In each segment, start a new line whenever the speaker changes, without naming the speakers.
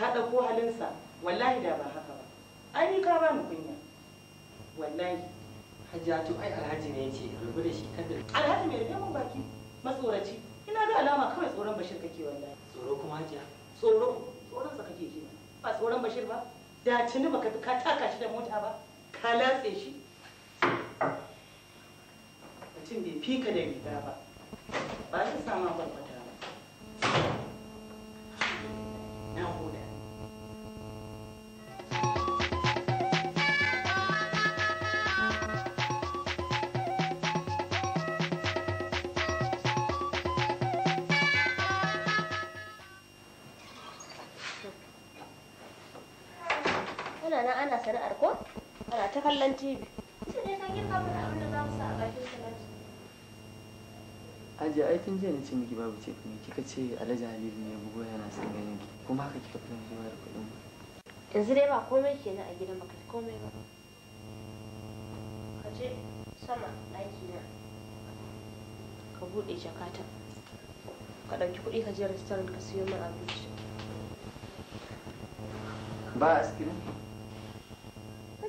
ka ɗauko halinsa wallahi da ba haka ba
ai ka ba mu kunya wallahi hajjatu ai alhaji ne yace rubu da shi kada
alhaji mai da mun baki matsoraci ina ga alama kawai tsoron bashir kake wallahi tsoro kuma hajiya tsoro tsoron sa kake ji ba tsoron bashir ba da tuni baka ka taka shi da mota ba ka latse shi mutum bai fika da riga ba ba zai sama barbata shari'ar ko ana ta kallon tv Aje ai kin je na ce miki babu ce ne kika ce Alhaji Halilu ne
bugo yana son ganin ki kuma haka kika fita zuwa da kuɗin ba.
Yanzu dai ba komai kenan a gidan baka komai ba. Ka je sama ɗaki na ka buɗe jakata ka ɗauki kuɗi ka je restaurant ka siyo min abinci. Ba askirin?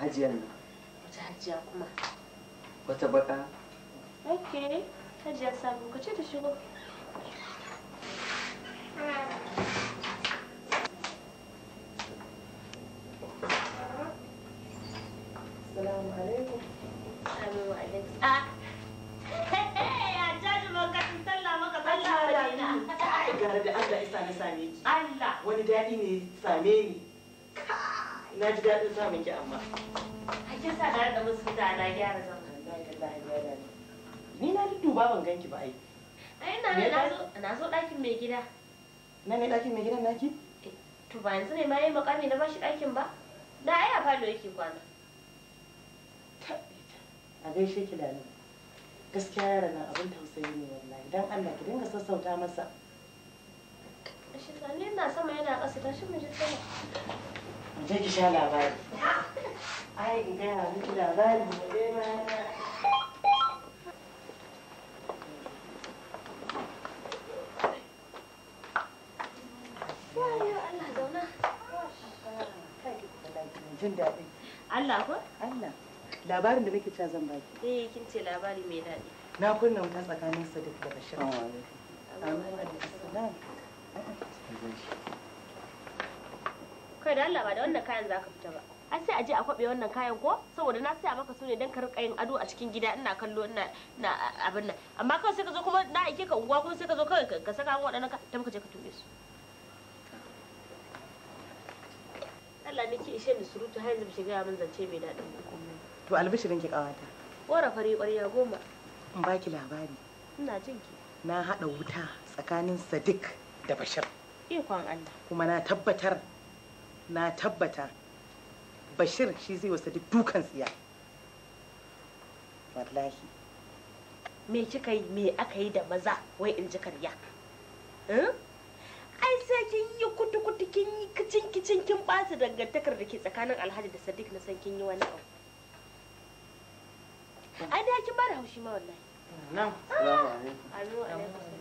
hajiyan nan wata hajiya kuma wata baka ok hajiya sabu ka ce ta shigo ji daɗin samun ki amma. Hakin sa na raɗa musu da na gyara zama. Ni na duba ban ganki ba ai. Ai na zo ɗakin mai gida. Na ne ɗakin mai gidan naki? Eh, to ba yanzu ne ma yi makami na bashi ɗakin ba? Da ai a falo yake kwana.
A gaishe ki da ni. Gaskiya yara
nan abin tausayi ne wallahi. Dan Allah ki dinga sassauta masa.
Shi ne na sama yana ƙasa tashi mu ji sama. je ki sha labari ai in gaya miki labari ne ma jin daɗi.
Allah ko? Allah. Labarin da nake cewa zan baki. Eh kin ce labari mai daɗi. Na kunna wuta tsakanin Sadiq da Bashir. kai da Allah ba da wannan kayan zaka fita ba an sai aje a kwabe wannan kayan ko saboda na saya maka su ne dan ka rika yin ado a cikin gida ina kallo ina na abin nan amma kawai sai ka zo kuma na aike ka unguwa kuma sai ka zo kawai ka saka mu waɗannan ka muka ka je ka tube su Allah ne ke ishe ni surutu har yanzu bishiga gaya min zance mai daɗin to albishirin ki kawata wara fari ƙwarya goma in baki labari ina jin ki na hada wuta tsakanin Sadiq da Bashir ikon Allah kuma na tabbatar na tabbata bashir shi zai wasa dukkan tsiya wallahi me kika yi me aka yi da maza wai in ji karya eh? ai sai kin yi kutu kutu kin yi kicin kicin kin bata dangantakar da ke tsakanin alhaji da sadiq na san kin
yi wani abu ai da kin bada haushi ma wallahi na'am ah! salamu alaikum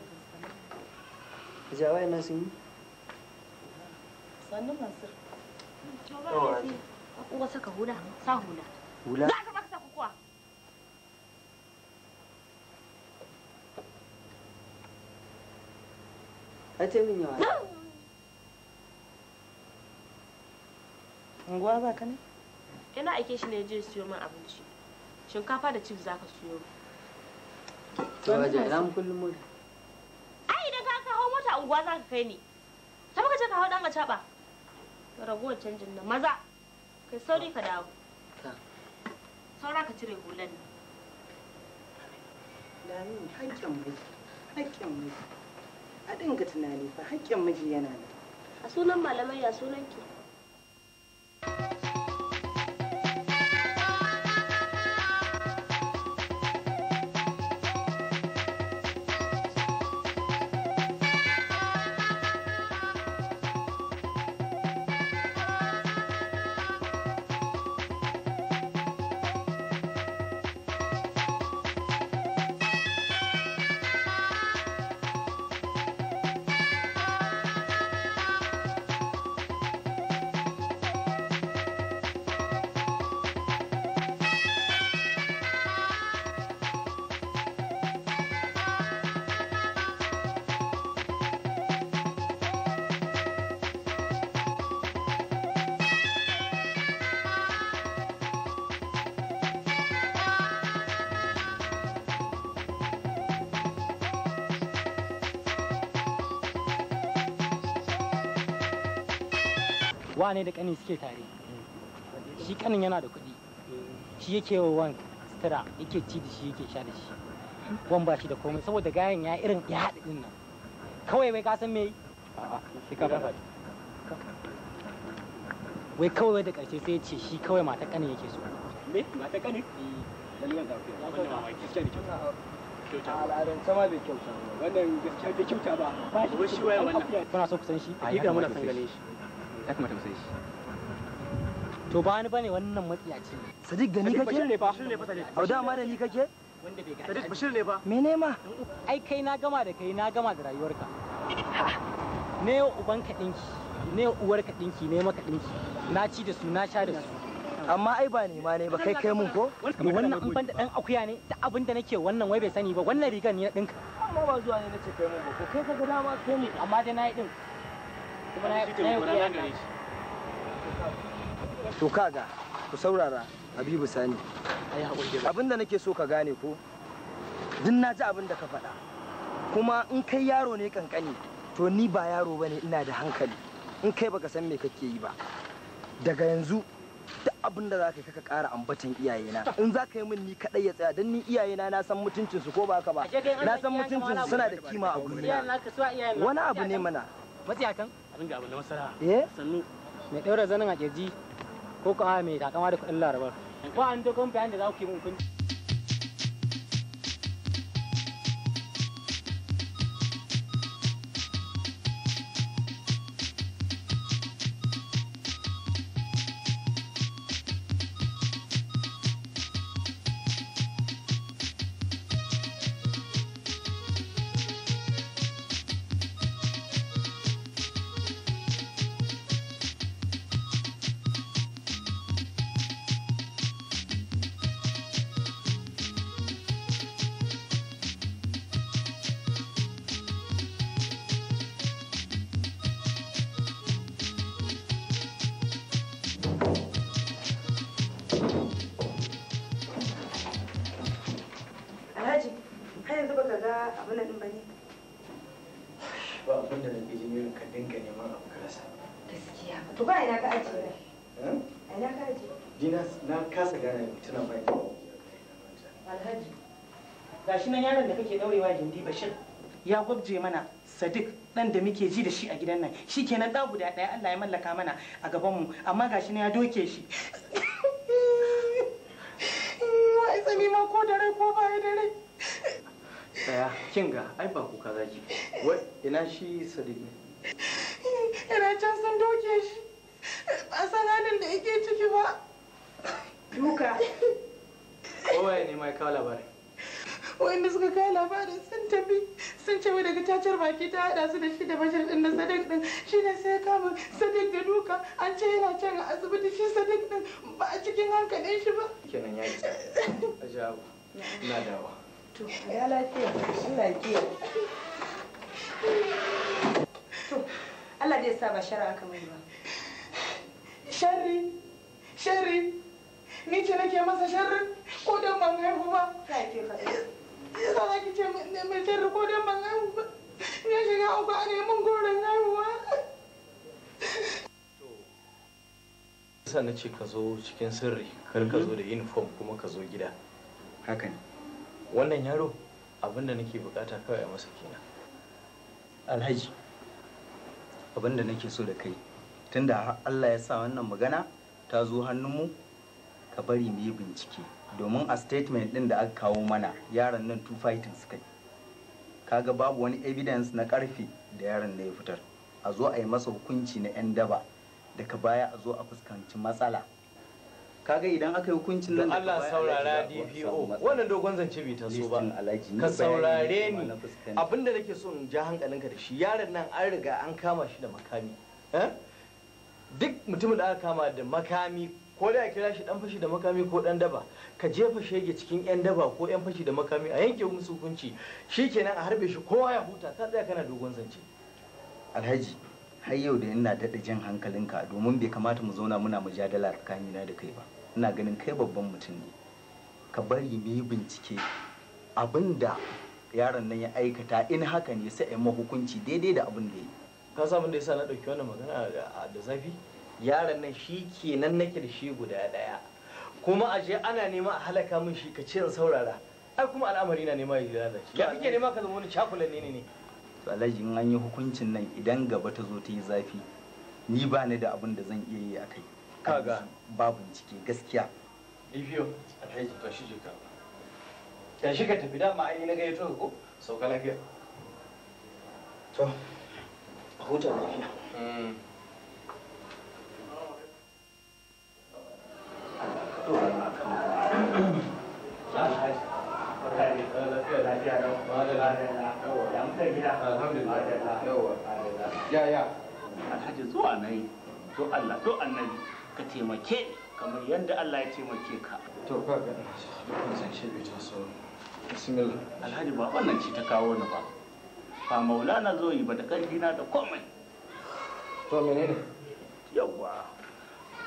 jawai na sun yi
sannu mansur Uwa saka hula, sa hula. Hula? Za ka baka sa A ce min yawa. ba ka Ina aike shi ne je siyo min abinci. Shinkafa da cif za ka siyo.
To, wajen ina mu kullum mota.
Ai, idan ka hau mota unguwa zaka kai ni. Ta baka ce ka hau ɗan a caɓa. ragowar canjin da maza kai sauri ka dawo saura ka cire hulan ne Lamin haƙƙin miji haƙƙin miji a dinga tunani fa haƙƙin miji yana nan a sunan malamai ya sunan ki
wane da kani suke tare shi kanin yana da kuɗi shi yake wa wan sutura yake ci da shi yake sha da shi wan ba shi da komai saboda gayan ya irin ya haɗa din nan kawai wai ka san me wai kawai da ƙarshe sai ce shi kawai mata kanin yake so
me mata kanin eh. bai kyauta wannan gaskiya bai kyauta ba ba shi wannan
kuna so shi a muna san ganin shi ya kamata mu shi to ba ni bane wannan matsiyaci ne sadiq da ni kake ne fa bashir ne fa sadiq au dama da ni kake wanda bai ga sadiq bashir ne fa me ne ma ai kai na gama da kai na gama da rayuwarka ne ubanka dinki ne uwarka dinki ne maka dinki na ci da su na sha da su amma ai ba nema ne ba kai kai mun ko wannan an banda dan akuya ne da abin da nake wannan wai bai sani ba wannan rigar ne na dinka amma ba zuwa ne nace kai mun ko kai ka ga dama kai mun amma dai na yi din to kaga ku saurara
habibu sani abinda nake so ka gane ko din na ji abin da ka faɗa kuma in kai yaro ne kankani to ni ba yaro bane ina da hankali in kai baka san me kake yi ba daga yanzu duk abin da zaka kaka ka ƙara ambatan iyayena in zaka yi min ni kadai ya tsaya don ni iyayena na san mutuncinsu ko ba haka ba na san mutuncinsu suna da
kima a gurina wani abu ne mana matsiyakan ringa abin da masara eh sannu mai daura zanin a kirji ko kuma mai takama da kuɗin larabar ko an to kamfani da za ku yi mun kunci
ba ka abin ba ne ba abin da nake jin irin ka dinga neman abu ka rasa gaskiya ba to ba ina ka aje ne hmm? a ina ka aje ni na kasa gane mutunan bai alhaji gashi nan yaron da kake daurewa gindi bashir ya gwabje mana sadiq dan da muke ji da shi a gidan nan shi kenan da guda ɗaya Allah ya mallaka mana a gaban mu amma gashi nan ya doke shi wai tsami ma ko da rai ko ba da tsaya kin ga ai ba kuka zaki wai ina shi sadiki. Ina can sun doke shi ba sanadin da yake ciki ba duka kowaye ne mai kawo labarin wanda suka kawo labarin sun tafi sun ce wai daga cacar baki ta hada su da shi da bashir din na sadik din shi ne sai kama sadik da duka an ce yana can a asibiti shi sadik din ba a cikin hankalin shi ba
kenan ya yi ajabu na dawa
To, Allah zai sa ba shara aka mai ba. Sharri, sharri, ni ce nake masa sharri ko don ban haihu ba. faɗi. Yasa za ki ce mai sharri ko don ban haihu ba. Ya shiga uku a neman goron haihuwa. Yasa na ce ka zo cikin sirri, kar ka zo da uniform kuma ka zo gida. Haka ne. wannan yaro abinda da nake bukata kawai masa kenan alhaji abin da nake so da kai tunda Allah ya sa wannan magana ta zo hannun mu ka bari mu yi bincike domin a statement din da aka kawo mana yaron nan two fighting suka yi kaga babu wani evidence na karfe da yaron da ya fitar a zo a yi masa hukunci na 'yan daba daga baya a zo a fuskanci matsala kaga idan aka yi hukuncin nan da Allah saurara DPO wannan dogon zance bai taso ba ka saurare ni abinda nake so in ja hankalinka da shi yaron nan an riga an kama shi da makami eh? duk mutumin da aka kama da makami ko da kira shi dan fashi da makami ko dan daba ka jefa shege cikin yan daba ko yan fashi da makami a yanke musu hukunci shikenan a harbe shi kowa ya huta ka tsaya kana dogon zance alhaji har yau da ina daɗa jan hankalinka domin bai kamata mu zauna muna mujadala tsakanina da kai ba ina ganin kai babban mutum ne ka bari mu yi bincike abin da yaron nan ya aikata in haka ne sai a yi mahukunci daidai da abin da ya yi ka sa da yasa na ɗauki wannan magana da zafi yaron nan shi kenan nake da shi guda ɗaya kuma a je ana nema a halaka min shi ka ce in saurara ai kuma al'amari na nema ya lalace ya kike nema ka zama wani cakulan ne ne
to alhaji an yi hukuncin nan idan gaba ta zo ta yi zafi ni ba ni da abin da zan iya yi a kai kaga babu ciki gaskiya
bibiyo alhaji to shi jika ya shi ka tafi dama ai na gayyato ko sauka lafiya to huta lafiya hmm. Ya ya, alhaji zuwa nai, to Allah to annabi. ka taimake ni kamar yadda Allah ya taimake ka to ka ga dukkan zance bai taso bismillah alhaji ba wannan ci ta kawo ni ba ba maulana zo yi ba da karfi na da komai to menene yawwa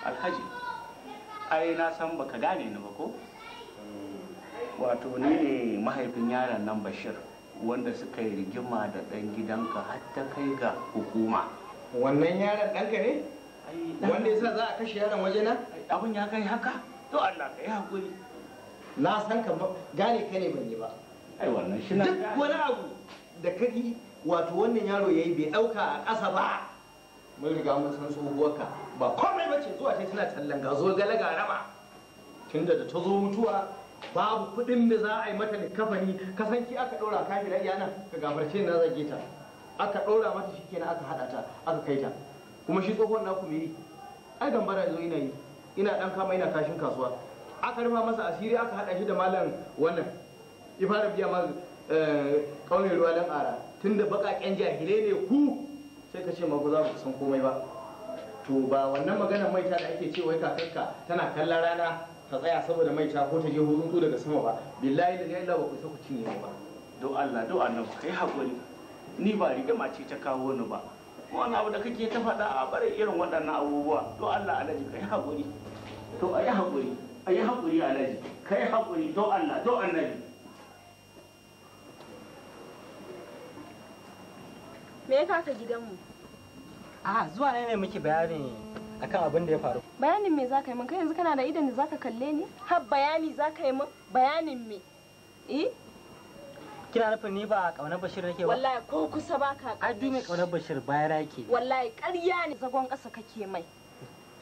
alhaji ai na san baka gane ni ba ko wato ni ne mahaifin yaron nan bashir wanda suka yi rigima da ɗan gidanka har ta kai ga hukuma wannan yaron ɗanka ne wanda yasa za a kashe yaron waje na abin ya kai haka to Allah ka yi hakuri na san ka gane ka ne ban ba ai duk wani abu da kari wato wannan yaro ya yi bai ɗauka a ƙasa ba mun riga mun san tsohuwarka ba komai bace zuwa ta tana tallan ga zo galaga raba tunda da ta zo mutuwa babu kuɗin da za a yi mata da kafani kasance aka ɗora kafin iyana ka gafarce na zage ta aka ɗora mata shikenan aka haɗa ta aka kai ta kuma shi tsohon na kuma yi ai gambara zo ina yi ina dan kama ina kashin kasuwa aka rufa masa asiri aka hada shi da malam wannan ya fara biya ma kaunin eh, ruwa dan ara tunda bakaken jahilai ne ku sai ka ce ma ku za ku san komai ba to ba wannan maganar maita da ake cewa kakarka tana kallon rana ta tsaya saboda mai ta ko ta je hutu daga sama ba billahi da gaila ba ku sai ku cinye ba do Allah do annabi kai hakuri ni ba rigama ce ta kawo ni ba wani abu da kake ta faɗa a bare irin waɗannan abubuwa to Allah alaji kai haƙuri to ayi haƙuri ayi haƙuri alaji kai haƙuri to Allah to annabi me ya kaka gidanmu
a zuwa ne ne muke bayani akan abin da ya faru
bayanin me za ka yi min kai yanzu kana da idan da za ka kalle ni har bayani za ka yi min bayanin me eh
kina nufin ni ba kaunar bashir nake ba wallahi ko kusa
ba ka ai dume kaunar
bashir bayan rake
wallahi ƙarya ne zagon ƙasa kake mai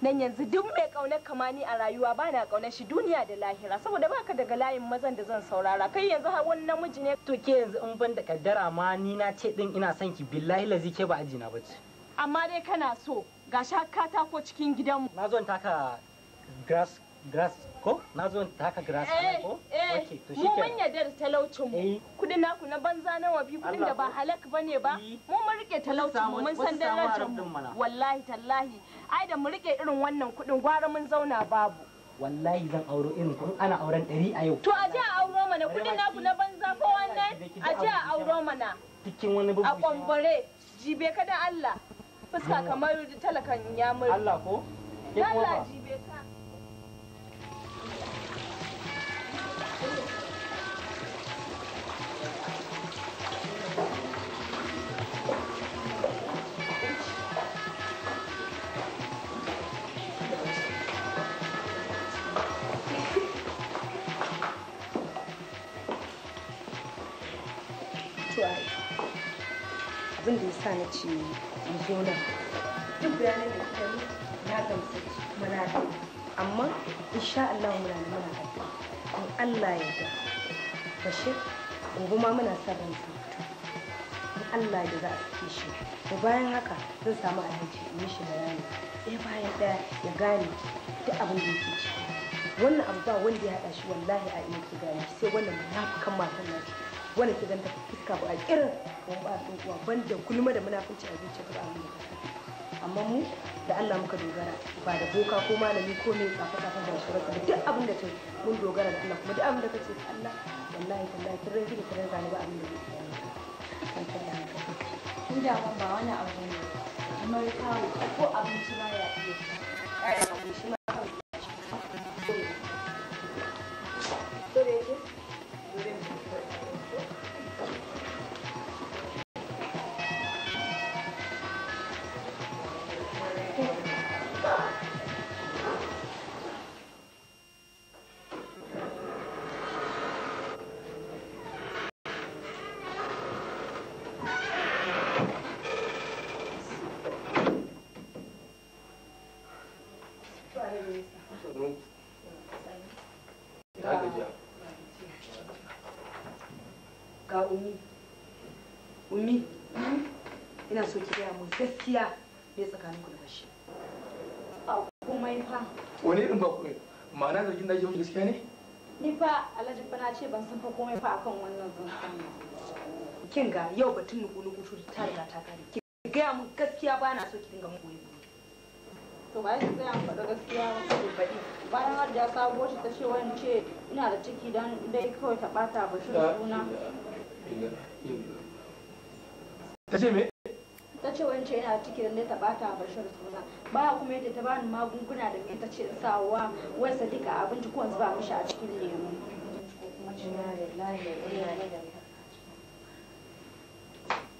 nan yanzu duk mai kaunar kamani a rayuwa ba na kaunar shi
duniya da lahira saboda baka daga layin mazan da zan saurara kai yanzu har wani namiji ne to ke yanzu in ban da kaddara ma ni na ce din ina son ki billahi lazi ke ba ajina bace
amma dai kana so ga shakka ta ko cikin gidanmu na zo taka
grass grass ko na zo taka grass eh, ko eh, to shi mu mun
yadda da talaucin mu eh. kudin naku na banza na wafi kudin da ba halak bane ba eh. mu mun rike talaucin mu mun san darajar mu wallahi tallahi ai da mu rike irin wannan kudin gwara mun zauna babu
wallahi zan auro irin kun ana auren ɗari a yau to
a je a auro mana kudin naku na banza ko wannan a je a auro mana
cikin wani babu a kwambare
jibe kada Allah fuska kamar talakan ya muri Allah ko
Allah jibe
abin da ya sa na ce in zo nan duk bayanan da kuka yi na gamsu kuma na da amma insha Allah muna da muna da in Allah ya da bashir gobe ma muna sa ran fita in Allah ya za a sake shi to bayan haka zan samu alhaji in yi shi rani ɗaya bayan ɗaya ya gane duk abin da yake ciki wannan abu ba wanda ya haɗa shi wallahi a ina ki gane sai wannan kan matan nan wanda ki ganta fuska a kirin kuma ba sun kuwa banda gulma da munafunci a zuciya ba mu amma mu da Allah muka dogara ba da boka ko malami ko mai tsafa tsafa da shi da duk abin da ta mun dogara da Allah kuma duk abin da ka ce Allah wallahi tallahi kin rage da kin zani ba abin da ta da kin da ba wani abu ne amma ya kawo
ko abinci ba ya iya
gaskiya ne tsakanin ku da shi ba komai fa wani irin ba komai ma'ana zargin da ake miki gaskiya ne ni fa alhaji fa na ce ban san fa komai fa akan wannan zancen kin ga yau batun nuku nuku turi ta riga ta kare ki gaya mun gaskiya ba na so ki dinga mun goyi to ba shi sai an faɗa gaskiya ba baɗi bayan har ya sabo shi ta ce wani ce ina da ciki dan dai kawai ta ɓata ba shi suna ta ce me ta ce wancan yana cikin ne ta bata a bashir suna ba kuma yadda ta bani magunguna da mai ta ce sawa wai sadika abinci ko zuba mishi a cikin lemu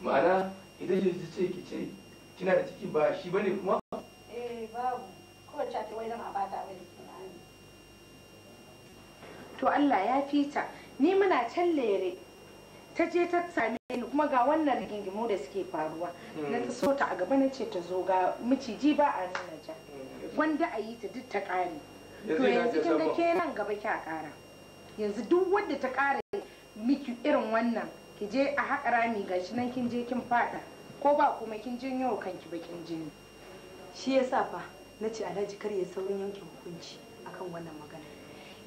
ma'ana idan yi ta ce ki kina da ciki ba shi bane kuma eh babu kowace ta wai zama bata mai to Allah ya fita ni muna can lere ta je ta same ni kuma ga wannan rigingimu da suke faruwa na mm. ta so ta a gaba na ce ta zo ga miciji ba a nuna ja mm. wanda a yi ta duk ta kare to yanzu kin ga ke nan gaba kya kara yanzu duk wanda ta kara miki irin wannan ki je a haƙa rami gashi nan kin je kin fada ko ba kuma kin janyo kanki bakin jini shi yasa fa na ce alhaji kar ya saurin yanke hukunci akan wannan magana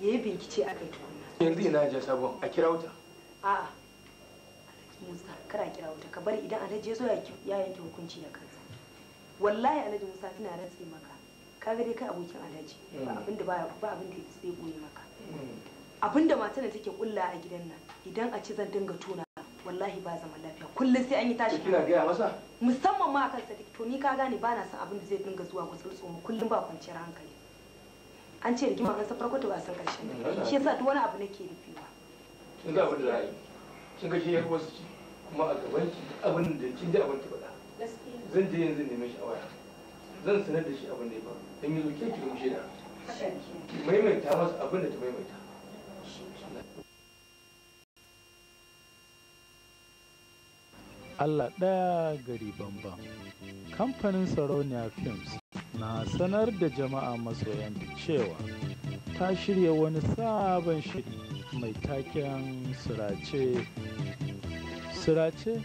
yayi bincike akai tukunna yanzu ina ja sabon a kirauta a'a Musa kar kira wuta ka bari idan Alhaji ya zo ya yanke hukunci da kansa wallahi Alhaji Musa tana rantsi maka ga dai kai abokin Alhaji ba hmm. abin da ba abin da zai goyi maka hmm. abin da matar da take kulla a gidan nan idan a ci zan dinga tona wallahi ba zaman lafiya kullum sai an yi tashi kina gaya masa musamman ma kansa sadiki to ni ka gane ba na son abin da zai dinga zuwa ku tsotso mu kullum ba kwanciyar hankali an ce rigima an san farko wasan ba san karshen hmm, shi yasa duk wani abu nake rufewa kin kin ga shi ya yar wasu ci kuma a gaban ki abin da kin ji abin ta faɗa zan je yanzu neme shi a waya zan sanar da shi abin da ya faru dan yanzu ke ki mu shaida ki maimaita masa abin da ta maimaita Allah ɗaya gari bambam. Kamfanin Sarauniya Films na sanar da jama'a masoyanta cewa ta shirya wani sabon shiri mai taken Sirace. Sirace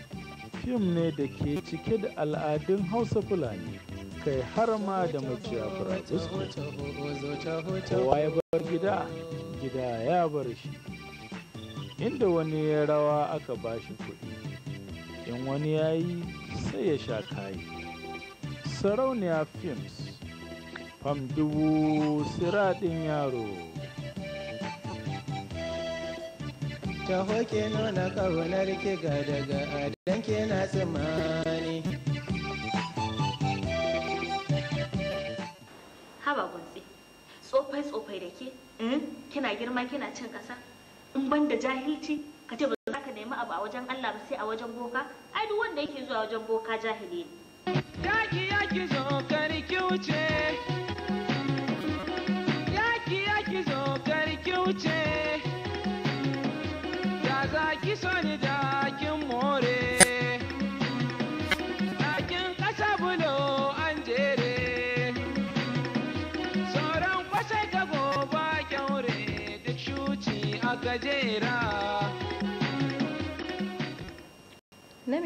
fim ne da ke cike da al'adun Hausa Fulani. kai har ma da maciya buratusku kowa ya bar gida gida ya bar shi inda wani ya rawa aka bashi shi kuɗi in wani ya yi sai ya sha kayi sarauniya films fam dubu siraɗin yaro taho ke nuna kaunar ki
ga daga adan ke na tsammani.
Haba gunsi, tsofai tsofai da ke, hmm? kina girma kina cin ƙasa, in ban da jahilci, ka ce ba za ka nemi abu a wajen Allah ba sai a wajen boka, ai duk wanda yake zuwa wajen boka jahili ne. Daki yaki zo
kar ki wuce.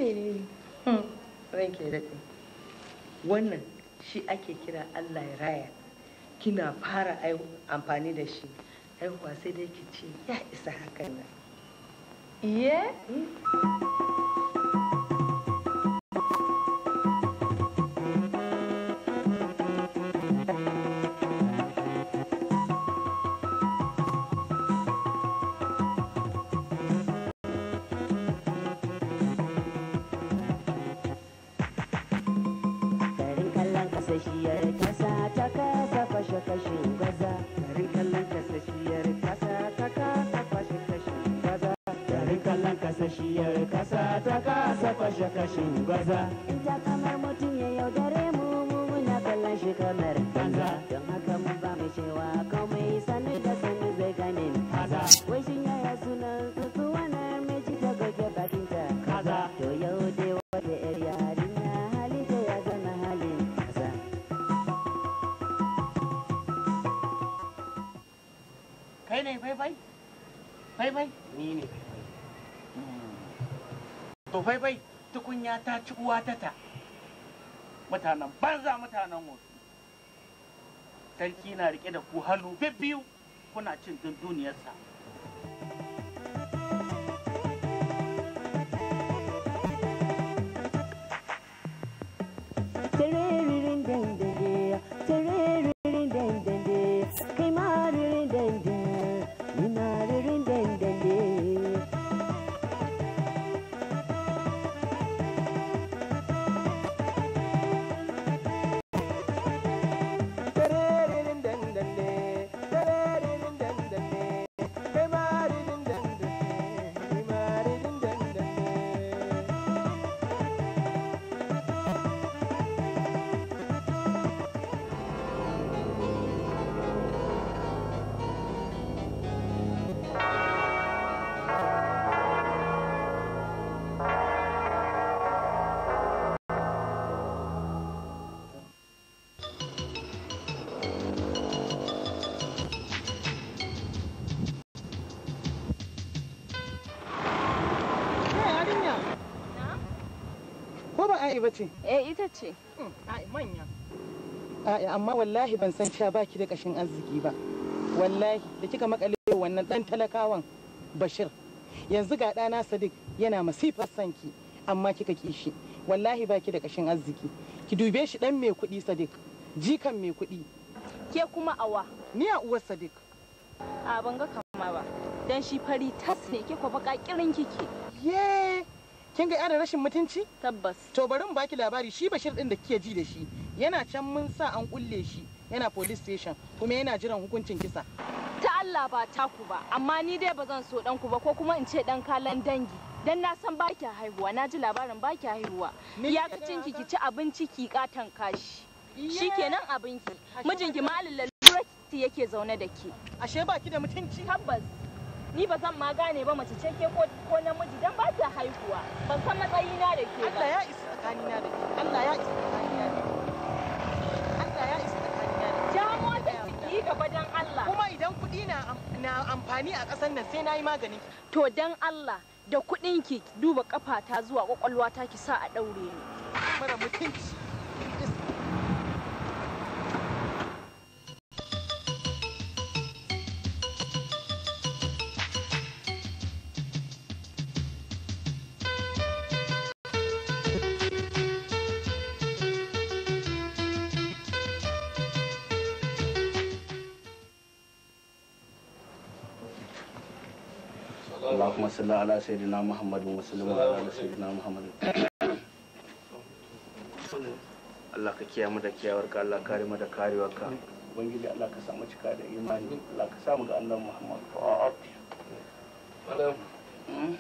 menene hmm.
daɗe wannan shi ake kira allah ya raya kina fara amfani da shi
haihuwa sai dai ki ce ya isa haka na iye hmm. banza ja kamar mutum ya yaudare mu mu muna kallon shi kamar banza don haka mun ba mai cewa komai da sanin zai gane ni kaza wai shin yaya sunan wannan mai ci goge bakin ta kaza to yau dai wata hali ya zama kaza
kai ne bai bai bai bai ni ne bai bai to bai bai ta ci uwa ta ta mutanen banza mutanen wasu sarki na rike da ku hannu biyu-biyu kuna cin dunduniyarsa ba ce? Eh ita ce. Hmm, ai manya. A'a amma wallahi ban san cewa baki da kashin arziki ba. Wallahi da kika makale wannan dan talakawan Bashir. Yanzu ga dana Sadiq yana masifar sanki amma kika kishi. Wallahi baki da kashin arziki. Ki dube shi dan mai kuɗi Sadiq. Jikan mai kuɗi. Ke kuma awa. Ni a uwar Sadiq. A ban ga kama ba. Dan shi fari tas ne ke ko baka kirin kike. Yeee! kin ga yana rashin mutunci tabbas to bari mu baki labari shi bashir din da kike ji da shi yana can mun sa an kulle shi yana police station kuma yana jiran hukuncin kisa ta Allah ba ta ku ba amma ni dai bazan so dan ku ba ko kuma in ce dan kalan dangi dan na san baki haihuwa na ji labarin baki haihuwa Ya ki ki ci abinci ki katan kashi Shi kenan abinki mijinki ma yake zaune da ke ashe baki da mutunci tabbas ni ba zan ma gane ba mace ce ke ko namiji dan ba ta haihuwa ban san matsayina da ke ba Allah ya isa tsakanina da ke Allah ya isa tsakanina da ke Allah ya isa da ke ki dan Allah kuma idan kuɗi na na amfani a ƙasar nan sai nayi maganin to dan Allah da kudin ki duba kafata zuwa kwakwalwa ta ki sa a daure ni mara mutunci salli ala sayyidina muhammadin wa sallama ala sayyidina muhammadin Allah ka kiyamu da kiyawar ka Allah kare mu da karewar ka ubangiji Allah ka samu cika da imani Allah ka samu ga annabi Muhammad madam hmm?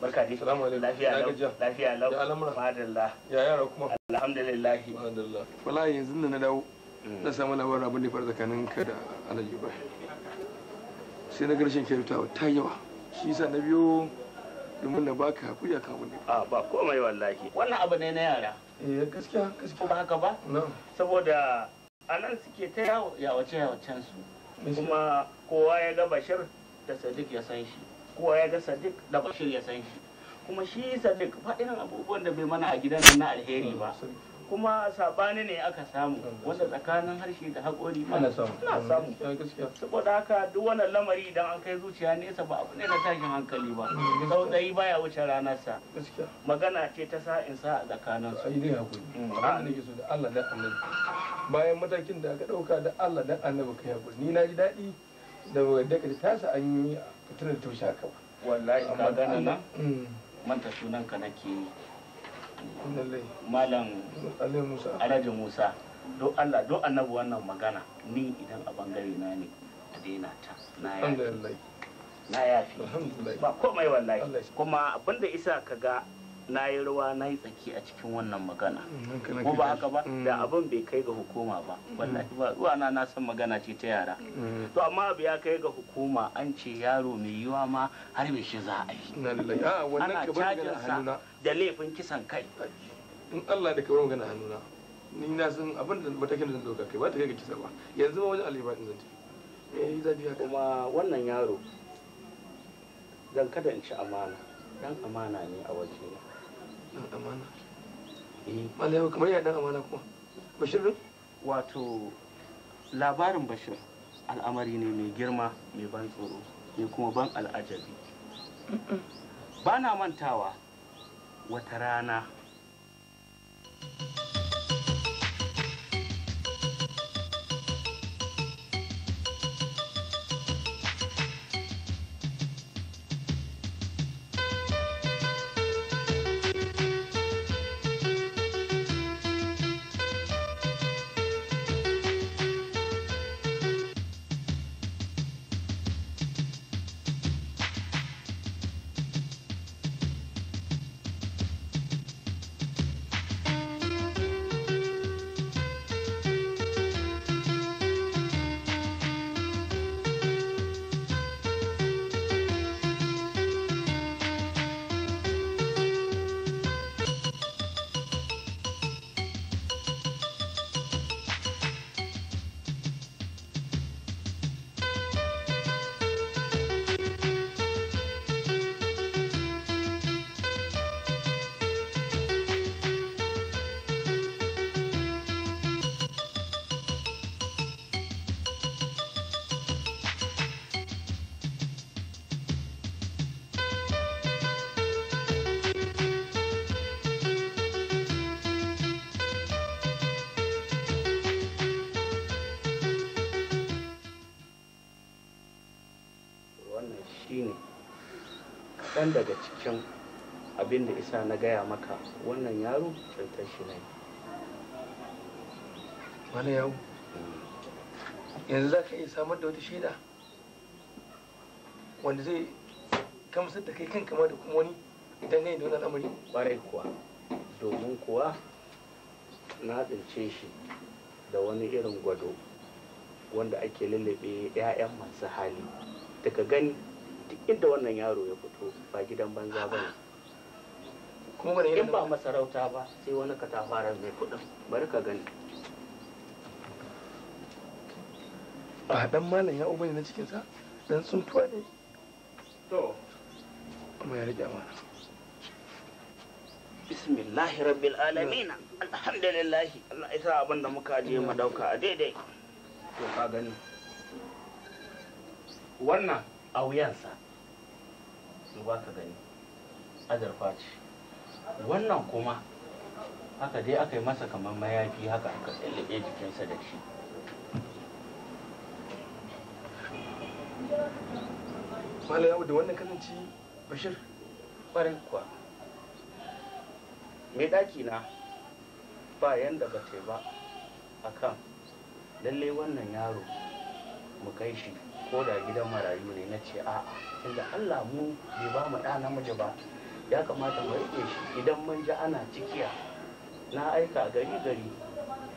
barka dai salamu alaikum lafiya lau lafiya lau ya al'amura madallah ya yara kuma alhamdulillah madallah wallahi yanzu da na dawo hmm. na samu labarin abin da ya faru tsakanin ka da Alhaji ba sai na garshen kyautawa ta yawa shi sa na biyo domin na baka hakuri a kan ne. a ah, ba komai wallahi wannan abu ne na yara eh gaskiya gaskiya ba haka ba saboda a nan suke ta yawo yawace yawacen su kuma kowa ya ga bashir da sadiq ya san shi kowa ya ga sadiq da bashir ya san shi kuma shi sadiq faɗin abubuwan da bai mana a gidan na alheri ba kuma sabani ne aka samu wanda tsakanin harshe da haƙori ma na samu mm, eh, saboda haka duk wannan lamari idan an kai zuciya nesa ba abu ne na tashin hankali ba mm, sau ɗari baya wuce ranar sa magana ce ta sa in sa a tsakanin su ne nake so da Allah da annabi bayan matakin da aka ɗauka da Allah da annabi kai haƙuri ni na ji daɗi da wadda ka sa an yi fitar da taushe haka wallahi magana nan mm. manta sunan ka nake yi malam alhaji musa don allah don annabi wannan magana ni idan a bangare na ne a daina ta na yafi na yafi ba komai wallahi kuma abinda isa ka ga na yi rawa na yi tsaki a cikin wannan magana
hmm, ko ba
haka ba hmm. da abin bai kai ga hukuma ba hmm. wallahi ba ruwa na san magana ce ta yara to amma abu ya kai ga hukuma an ce yaro mai yiwa ma har bai shi za a yi ah, ana cajin sa da laifin kisan kai in Allah da kawai magana hannuna ni na san abin da matakin da zan dauka kai ba ta kai ga kisa ba yanzu ba wajen alibar in zan tafi eh, kuma wannan yaro zan kada in ci amana dan amana ne a wajena dan amana eh, kamar amana kuma bashir wato labarin bashir al'amari ne mai girma mai ban tsoro mai kuma ban al'ajabi ba na mantawa wata rana kaɗan daga cikin abin da isa na gaya maka wannan yaro cutar shi ne wani yau yanzu za ka iya samar da wata shaida wanda zai kamsar da kai kan kama da kuma wani idan ne da wani al'amari ƙwarai kuwa domin kuwa na tsince shi da wani irin gwado wanda ake lullube 'ya'yan masu hali daga gani duk inda wannan yaro ya fito ba gidan banza ba ne in ba masarauta ba sai wani katafaren mai kudin bari ka gani a dan malam ya uba ne na cikinsa dan sun tuwa ne to kuma ya rike amana bismillahi rabbil alamin alhamdulillah Allah ya sa abin da muka je mu dauka a daidai to ka gani wannan a wuyansa ba ka gani azurfa ce wannan kuma haka dai aka yi masa kamar mayafi haka aka tsallake jikinsa da shi mala yawo da wannan kananci bashir ƙwarin kuwa mai ɗaki na ba yanda ba ta ba akan lallai wannan yaro mu kai shi ko da gidan marayu ne na ce a'a inda allah mu bai ba mu ɗa namiji ba ya kamata mu riƙe shi idan mun ji ana cikiya na aika gari gari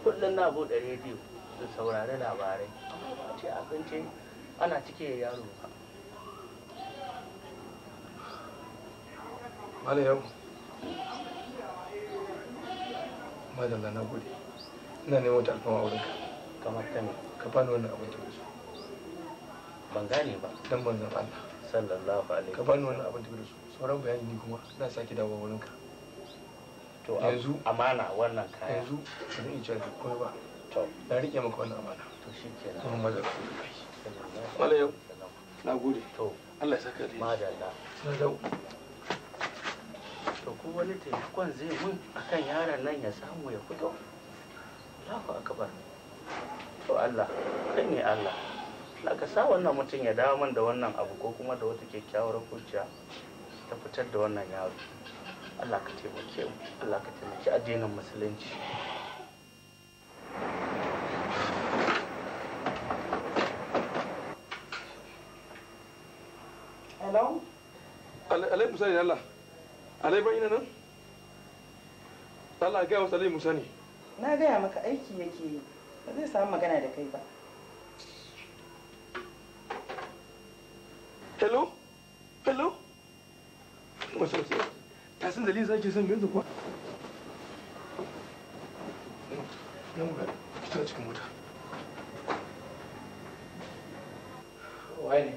kullum na buɗe rediyo su saurari labarai amma ce abinci ana cikiya yaro ba yau, madalla na gode, ina neman wata alfama wurinka. Kamar ta ne. Ka bani wannan abin da wasu. ban gane ba dan manzon Allah sallallahu alaihi ka bani wannan abin da su sauran bayani ni kuma na sake dawo wurin ka to yanzu amana wannan kaya yanzu ba zan iya da komai ba to na rike maka wannan amana to shikenan yau na gode to Allah ya saka da madalla to ko wani taimakon zai mun akan yaron nan ya samu ya fito Allahu akbar to Allah kai ne Allah Allah ka sa wannan mutum ya dawo man da wannan abu ko kuma da wata kyakkyawar hujja ta fitar da wannan yaro Allah ka taimake mu Allah ka taimaki addinin musulunci Alai Musa ne Allah. Alai ban ina nan? Allah ya gaya wasu Alai Musa ne.
Na gaya maka aiki yake yi. Ba zai samu magana da kai ba.
hello hello wasu wasu ta san dalilin sake son ganzu kuwa nan ga fita cikin mota waye ne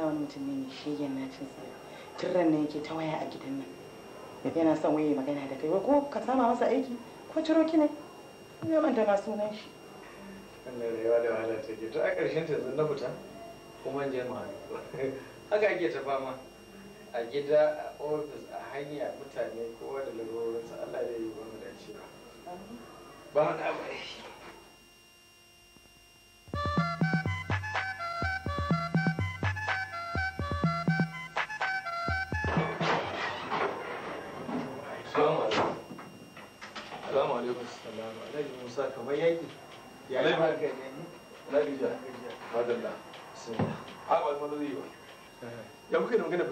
da wani mutum ne mai shegen na cin tsira tun ran nan yake ta waya a gidan nan yana son waye magana da kai ko ka sama masa aiki ko ciro ki ne ya manta ma sunan shi Wannan da yawa da wahala take to a ƙarshen ta yanzu na fita kuma je mu haɗu haka ake ta fama a gida a ofis a hanya mutane kowa da lalurorinsa Allah zai yi ba mu dace ba ba mu da Salamu alaikum. Salamu alaikum. Musa kamar yaki. Ya yi haka ne. Na gajiya. Madalla. hawa ya magana na magana magana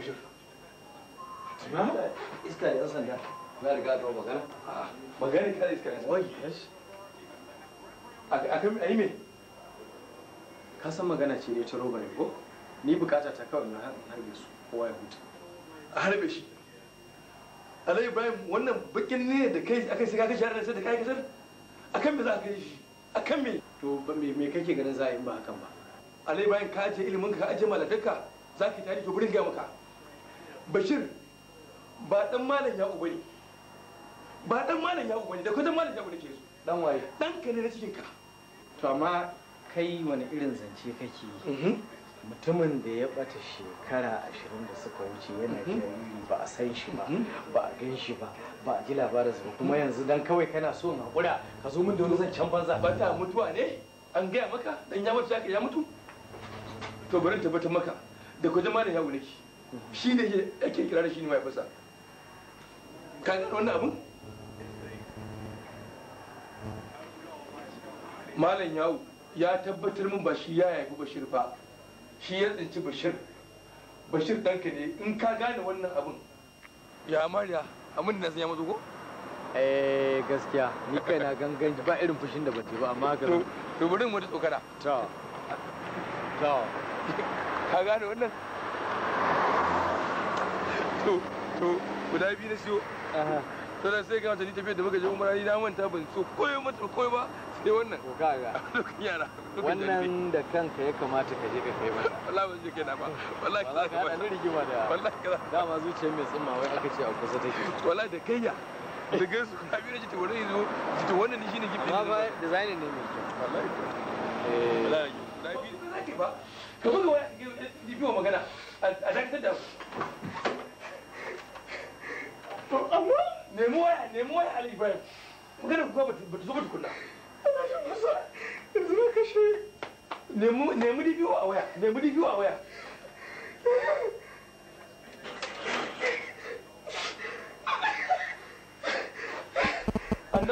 iska a kan ah, me ka magana ce ne ta roba ko ni bukata ta kawai na harbe su kowa ya huta a harbe shi Alayi Ibrahim wannan bakin ne da kai aka sai ka kashe sai da kai kasar akan me za shi akan me to me kake ganin za a yi ba hakan ba alai bayan ka ajiye ilimin ka ajiye malakanka za ka yi tarihi burin gaya maka bashir ba dan malam ya uba ne ba dan malam ya uba ne da kwadan malam ya uba ke su dan waye dan ka ne na cikin ka to amma kai wani irin zance kake yi mhm. mutumin da ya bata shekara ashirin da suka wuce yana mhm. jariri ba a san shi ba mhm. ba a gan shi ba ba a ji labarin ba kuma yanzu dan kawai kana so na kura ka zo min da wani zancen banza bata mutuwa ne an gaya maka dan ya mutu ya mutu to bari tabbatar maka da ku zama da yawo nake shi ne yake kira da shi ne fasa, ka gane wannan abin malam yawo ya tabbatar min ba shi ya haifi bashir ba shi ya tsinci bashir bashir ɗanka ne in ka gane wannan abin ya amarya amin na ya mazo ko eh gaskiya ni kai na gangan ba irin fushin da bace ba amma ka to bari mu da to ka gane wannan to to guda biyu na siyo to da sai kamata ni tafiyar da muka je umara ni na manta ban so koyo mata koyo ba sai wannan to kaga yara wannan da kanka ya kamata ka je ka kai mata wallahi ban je kai na ba wallahi ka zaka ni rigima da wallahi ka dama zuciyar mai tsimma wai aka ce a
kusa take
wallahi da kayya da gaisu ka biyo ji to wani ji to wannan shine gifin amma ba design ne mai kyau wallahi eh wallahi ake ba ka buga waya biyo eh, eh, magana a dakatar da to amma nemo waya nemo waya ali ibrahim magana kuma ba ta zo ba kula ana shi kusa yanzu a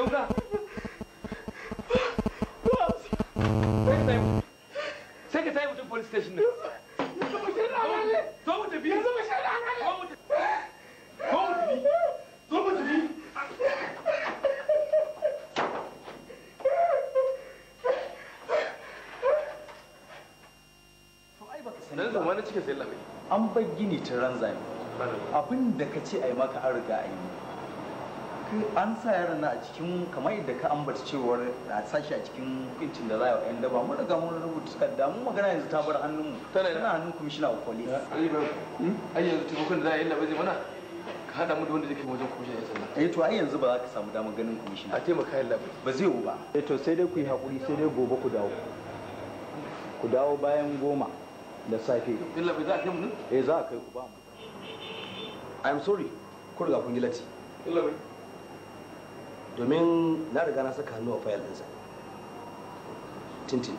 waya police station an bar gini ta ranzami abin da ka ce a yi maka an riga a yi an sa yaran a cikin kamar yadda ka ambata cewar a sashi a cikin hukuncin da za a yanda ba mun riga mun rubuta takarda mun magana yanzu ta bar hannun mu tana yana hannun kwamishina a kwale hmm? ai yanzu taimakon da za a yi zai mana ka haɗa mu da wanda zai wajen kwamishina yan sanda
eh to ai yanzu ba za ka samu damar ganin kwamishina a taimaka yin labaje ba zai yiwu ba
eh to sai dai ku yi haƙuri sai dai gobe ku dawo ku dawo bayan goma da safe illa ba za a kai mu
eh za a kai ku ba mu i'm sorry ko kun yi lati illa bai domin na riga na saka hannu a fayil ɗinsa tintin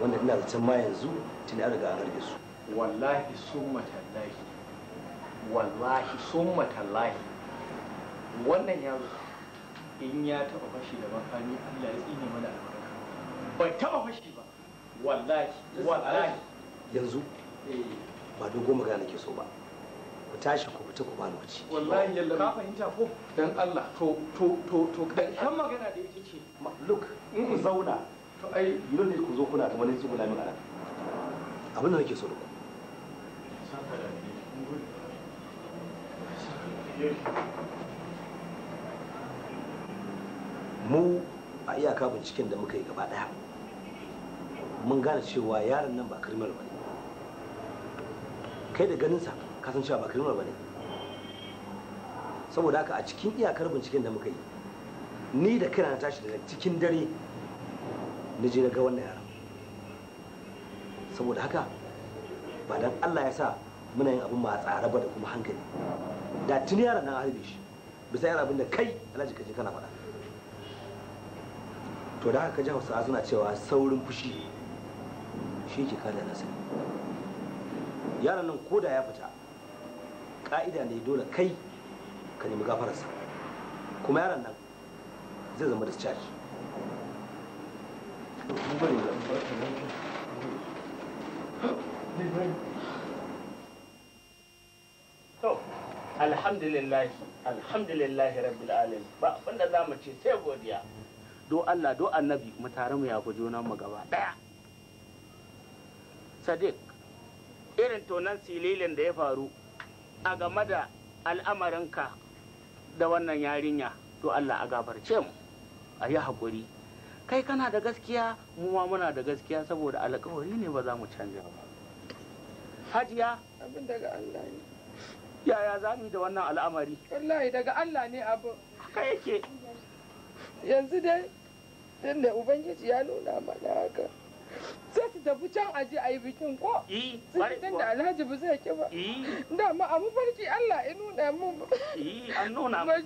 wanda ina zaton ma yanzu tun
an riga an harbe su wallahi sun matallahi wallahi sun matallahi wannan yaro in ya taba fashi da makami Allah ya tsine mana albarka bai taba fashi ba wallahi wallahi yanzu eh.
ba dogon magana ke so ba ku tashi ku fita ku ba lokaci
wallahi yalla ka fahimta ko dan Allah to to to to dan kan magana da yake ce look in ku zauna to ai yau ne ku zo kuna ta wani tsugula min ana
abin da nake so da ku mu a iyaka binciken da muka yi gaba daya mun gane cewa yaron nan ba kirmar ba kai da ganin sa. kasan cewa ba kalmar ba ne saboda haka a cikin iyakar binciken da muka yi ni da kira na tashi daga cikin dare na je na ga wannan yaran saboda haka ba dan Allah ya sa muna yin abin ma tsare ba da kuma hankali da tuni yaran nan harbe shi bisa yaran abin da kai Alhaji kaje kana faɗa to da haka ji Hausawa suna cewa saurin fushi shi ke kada na yaran nan koda ya fita ka'ida ne dole kai ka nemi gafararsa kuma yaron nan zai zama discharge
to alhamdulillah alhamdulillah rabbil alamin ba abinda za mu ce sai godiya do Allah do annabi mu tare mu yafi juna mu gaba daya sadiq irin tonan sililin da ya faru a game da al'amarinka da wannan yarinya to Allah a gabarce mu a yi haƙuri kai kana da gaskiya mu ma muna da gaskiya saboda alƙawari ne ba za mu canja ba hajiya abin daga Allah ne yaya za mu yi da wannan al'amari wallahi daga Allah ne abu kai yake yanzu dai tunda ubangiji ya nuna mana haka zai su tafi can aji a yi bikin ko
eh, sun da
alhaji ba zai ki ba eh. da ma a mafarki allah ya nuna mun eh, an nuna bare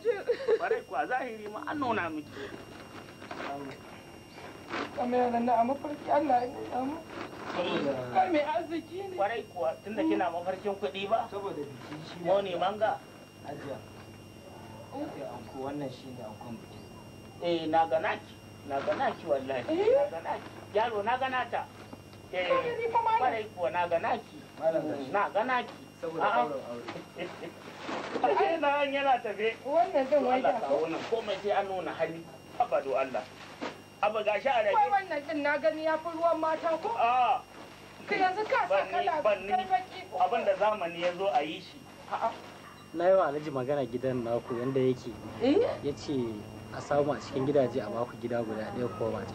zahiri ma an nuna na a mafarki allah ya nuna mun kai mai arziki ne kuwa kina mafarkin kuɗi ba saboda biki shi ne manga ajiya ajiya wannan shine ankon bikin eh na ganaki na wallahi na ganaki yaro na gana ta eh, kwarai kuwa na gana ki na gana ki ai na an yana tafe wannan zan wai da ko wannan komai sai an nuna hali abadu Allah abu gashi a rabe wannan din na gani ya fi ruwan mata ko a
ka yanzu ka sa kala
abin da zamani ya zo a yi shi
na yi wa alhaji magana gidan naku yanda yake eh? ya ce a samu a cikin gidaje a baku gida guda ɗaya ko mata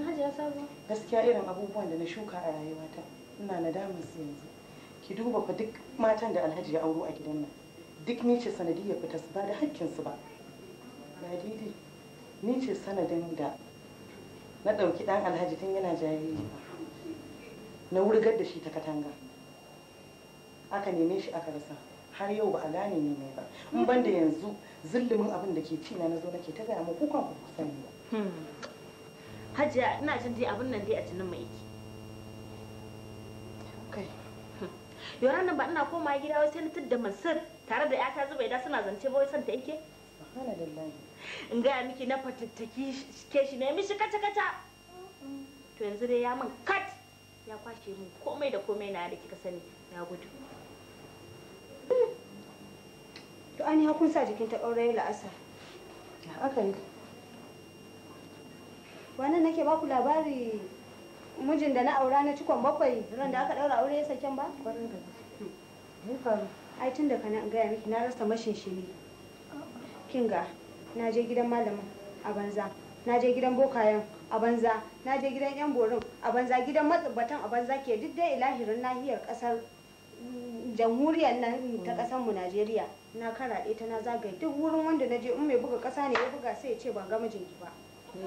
hajiya sabo. Gaskiya irin abubuwan da na shuka a rayuwata ina nadamar su yanzu. Ki duba fa duk matan da Alhaji ya auro a gidan nan. Duk ni ce sanadiyar fita su ba da hakkin su ba. Ladidi, ni ce sanadin da na ɗauki ɗan Alhaji tun yana jariri na wurgar da shi ta katanga. Aka neme shi aka rasa. har yau ba a gane ne mai ba in ban da yanzu zillumin abin da ke ci na zo nake ta gaya muku kan ku sani ba hmm. hajiya ina jin dai abin nan dai a jinin mai yake kai hm. ran nan ba ina koma gida wai sai na tudda mansur tare da yata zuba da suna zance ba wai san ta yake in gaya miki na fatattaki ke shi ne mishi kata kata to yanzu dai ya min kat ya kwashe min komai da komai na da kika sani ya gudu to an yi hakun sa jikin ta la'asa ya haka yi wannan nake baku labari mijin da na aura na cikon bakwai ran da aka daura aure ya saken ba? Kwarin da Ai tun da kana gaya miki na rasa mashin shi ne. Kinga, na je gidan malamin a banza. Na je gidan bokayen a banza. Na je gidan yan borin a banza. Gidan matsubatan a banza ke duk dai ilahirin nahiyar kasar mm, jamhuriyar nan ta kasar mu Najeriya. Na karaɗe ta na zagaye duk wurin wanda na je in mai buga ƙasa ne ya buga sai ya ce ban ga mijinki ba. in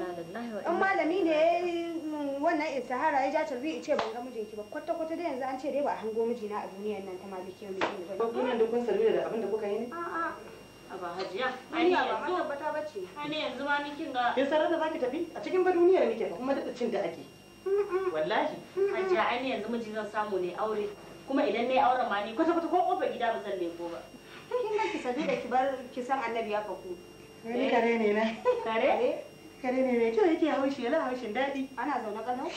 malami ne wannan istihara ya ja tarbi ce ban ga mijinki ba kwata kwata dai yanzu an ce dai ba a hango mijina a duniyar nan ta maliki yau mijin ba kun nan duk kun sarbi da abin da kuka yi ne a'a a ba hajiya ai ba ma tabbata bace ai yanzu ma nikin ga kin sarar da zaki tafi a cikin ba duniyar nike kuma da cin da ake wallahi hajiya ai yanzu miji zan samu ne aure kuma idan ne auren ma ni kwata kwata ko kofar gida ba zan leko ba kin ga ki sabi da ki bar ki san annabi ya faku
ni kare ne na
kare kare ne mai kyau yake haushi yana haushin daɗi ana zaune ƙalau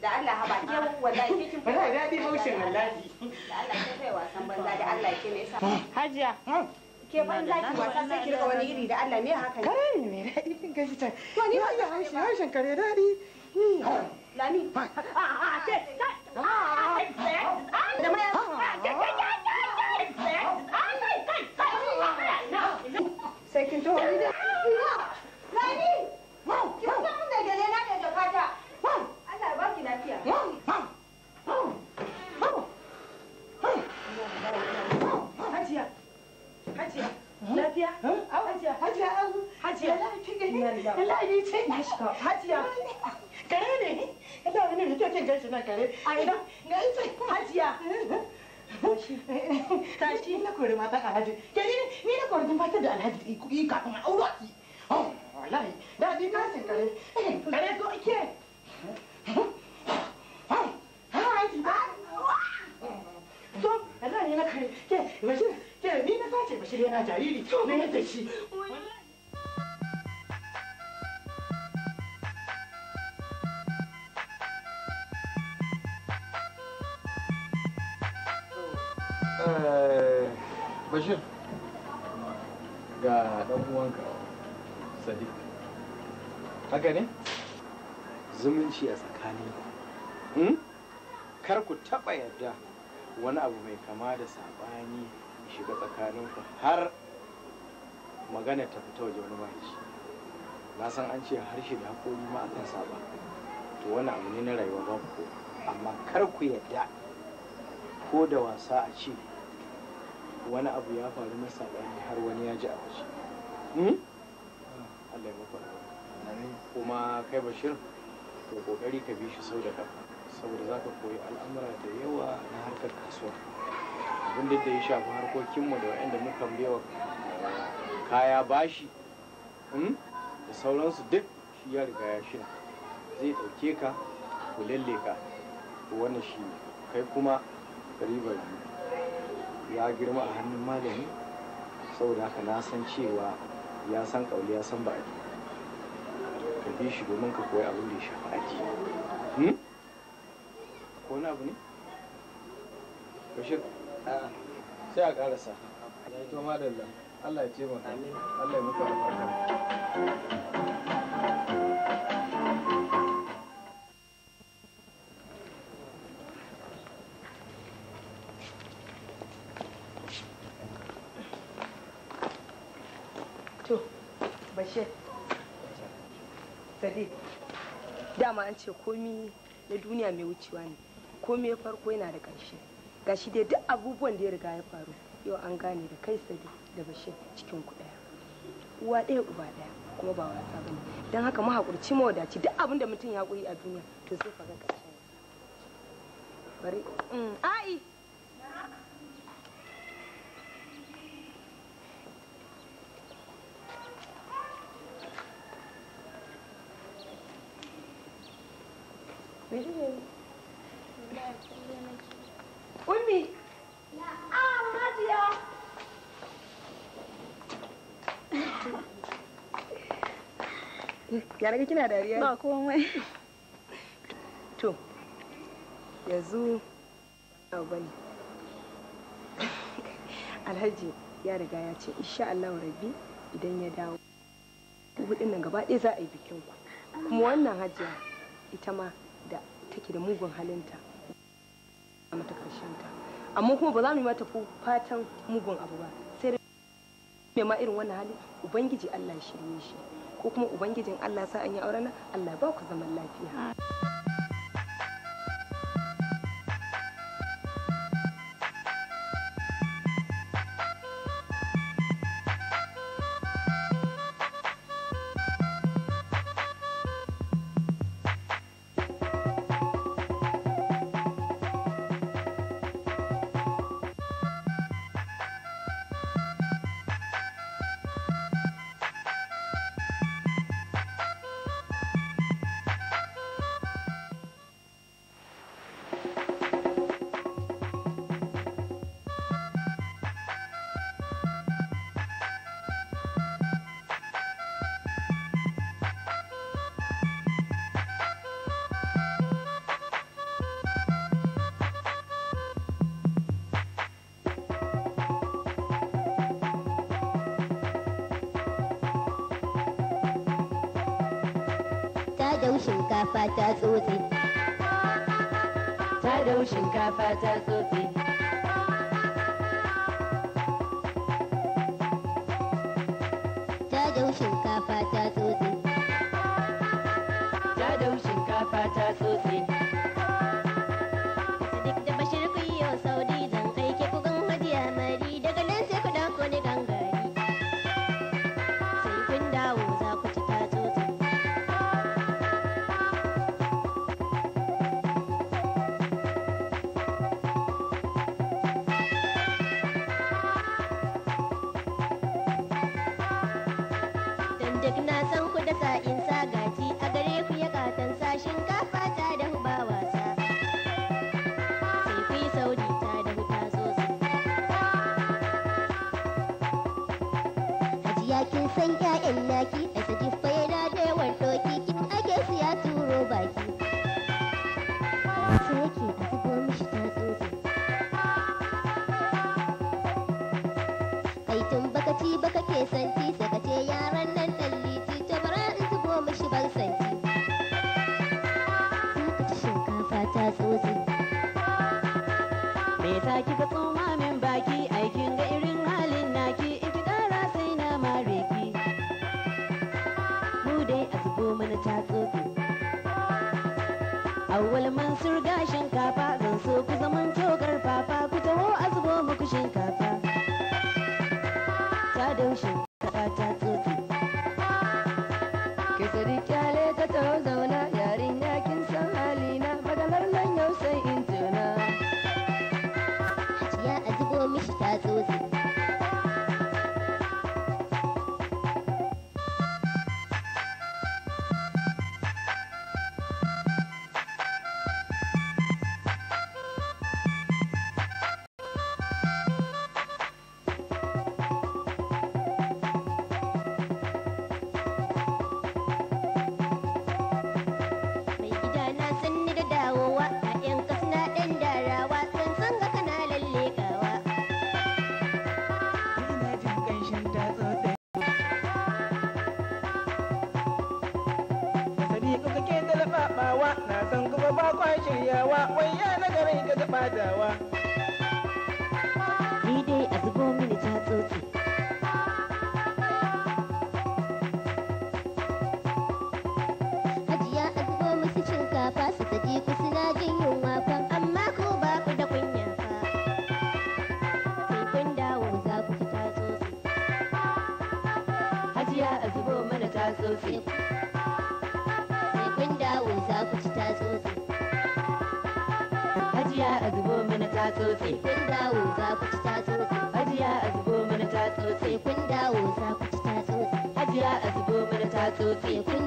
da Allah haba ke wallahi ke kin fara daɗi haushin wallahi da Allah ke kai wasan banza da Allah ke ne sa hajiya ke kare ne a hajiya hajiya hajiya hajiya wallahi ce na shiga hajiya kare ne ina wani rito kin gashi na kare a ina hajiya tashi na kore mata alhaji ke ni na kore ta da alhaji yi kafin a aure ki oh, wallahi da bi na sin kare kare zo ke so Allah ne na kare ke da na sace bashir yana jariri bashir ga uwanka haka ne zumunci a tsakanin hmm? kar ku taɓa yarda wani abu mai kama da saɓani shiga tsakaninku har magana ta fita waje wani mahaici na san an ce harshe da haƙoƙi ma akan saba to wani abu ne na rayuwa ba ku amma kar ku yadda ko da wasa a ce wani abu ya faru na saɓani har wani ya ji a waje hmm? kuma kai bashir to kokari ka bi shi sau da kafa saboda za ka koyi al'amura da yawa na harkar kasuwa abin da ya shafi harkokinmu da waɗanda muka biya kaya bashi hmm, da sauransu duk shi ya riga ya shi zai ɗauke ka ku lalle ka wani shi kai kuma ribar ya girma a hannun malami saboda haka na san cewa ya san ƙauli ya san ba'adi ka bi shi domin ka koya abin da ya shafi aji hmm? ko wani abu ne bashir sai a karasa to madalla Allah ya ce maka Allah ya muka albarka Bashir. Sadiq. Dama an ce komi na duniya mai wucewa ne. Komi farko yana da ƙarshe. gashi dai duk abubuwan da ya riga ya faru yau an gane da kai sadi da bashir cikin ku daya uwa ɗaya uba ɗaya kuma ba wasa ba ne don haka mu haƙurci mu wadaci duk abin da mutum ya koyi a duniya to sai ka ga bari mm, ai Thank Ummi. Ah, ya daga kina dariya? Ba komai. To, yanzu abu Alhaji ya riga ya ce, Insha Allah rabbi idan ya dawo. Hudun nan gaba ɗaya za a yi bikin ku. Kuma wannan hajiya ita ma da take da mugun halinta. amma kuma ba za mu yi mata fatan mugun abu ba sai mai ma irin wannan hali ubangiji Allah shirye shi ko kuma ubangijin Allah sa an yi aure na Allah ba ku zaman lafiya
dau shinkafa ta tsotse ta dau shinkafa ta tsotse ta dau shinkafa ta tsotse ta dau shinkafa ta tsotse ta ta 都结婚。